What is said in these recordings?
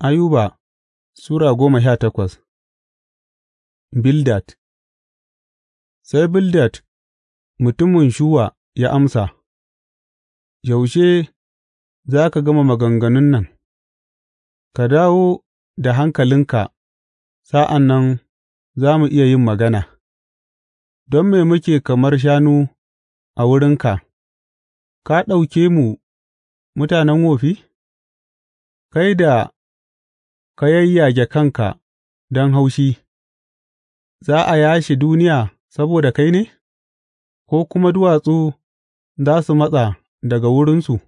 Ayuba Sura goma sha takwas Bildad Sai Bildad mutumin Shuwa ya amsa, Yaushe za ka gama maganganun nan, ka dawo da hankalinka sa'an nan za mu iya yin magana, don me muke kamar shanu a wurinka, ka ɗauke mu mutanen wofi? Kai da ka yayyage kanka don haushi, za a yashe duniya saboda kai ne, ko kuma duwatsu za su matsa daga wurinsu?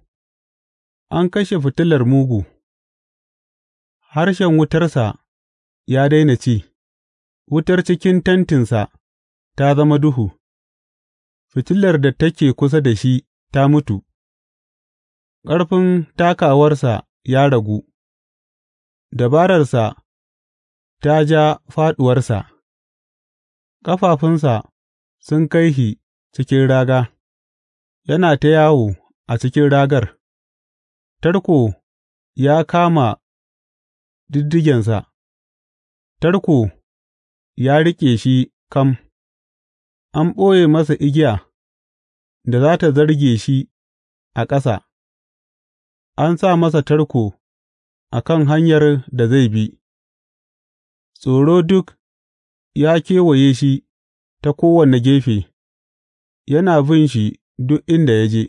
An kashe fitilar mugu, harshen wutarsa ya daina ci, wutar cikin tantinsa ta zama duhu, fitilar da take kusa da shi ta mutu, ƙarfin takawarsa ya ragu. Dabararsa ta ja fāɗuwarsa; ƙafafunsa sun kai shi cikin raga, yana ta yawo a cikin ragar; tarko ya kama diddigensa, tarko ya riƙe shi kam, an ɓoye masa igiya da za ta zarge shi a ƙasa, an sa masa tarko. a kan hanyar da zai bi, tsoro duk ya kewaye shi ta kowane gefe, yana bin shi duk inda ya je,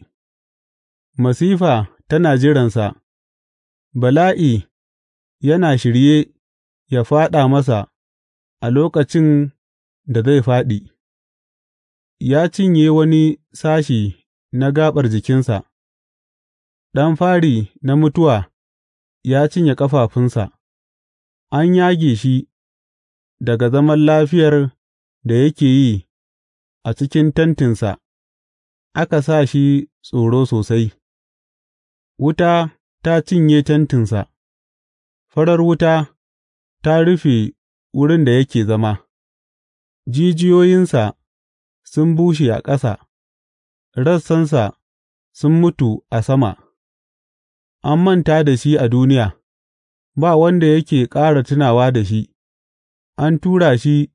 masifa tana jiransa, bala'i yana shirye ya fāɗa masa a lokacin da zai fāɗi, ya cinye wani sashi na gaɓar jikinsa, ɗan fari na mutuwa. ya cinye ƙafafunsa, an yage shi daga zaman lafiyar da yake yi a cikin tentinsa, aka sa shi tsoro sosai, wuta ta cinye tentinsa, farar wuta ta rufe wurin da yake zama, jijiyoyinsa sun bushe a ƙasa, rassansa sun mutu a sama. an manta da shi a duniya, ba wanda yake ƙara tunawa da shi; an tura shi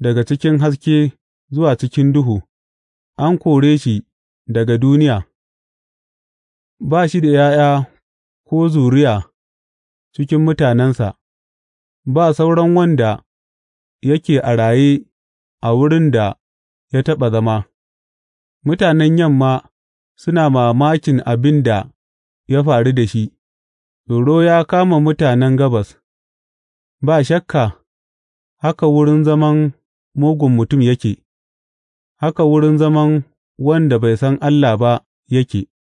daga cikin haske zuwa cikin duhu, an kore shi daga duniya, ba shi da ’ya'ya ko zuriya cikin mutanensa, ba sauran wanda yake a raye a wurin da ya taɓa zama, mutanen Yamma suna mamakin abin da. ya faru da shi, tsoro ya kama mutanen gabas, ba shakka haka wurin zaman mugun mutum yake, haka wurin zaman wanda bai san Allah ba yake.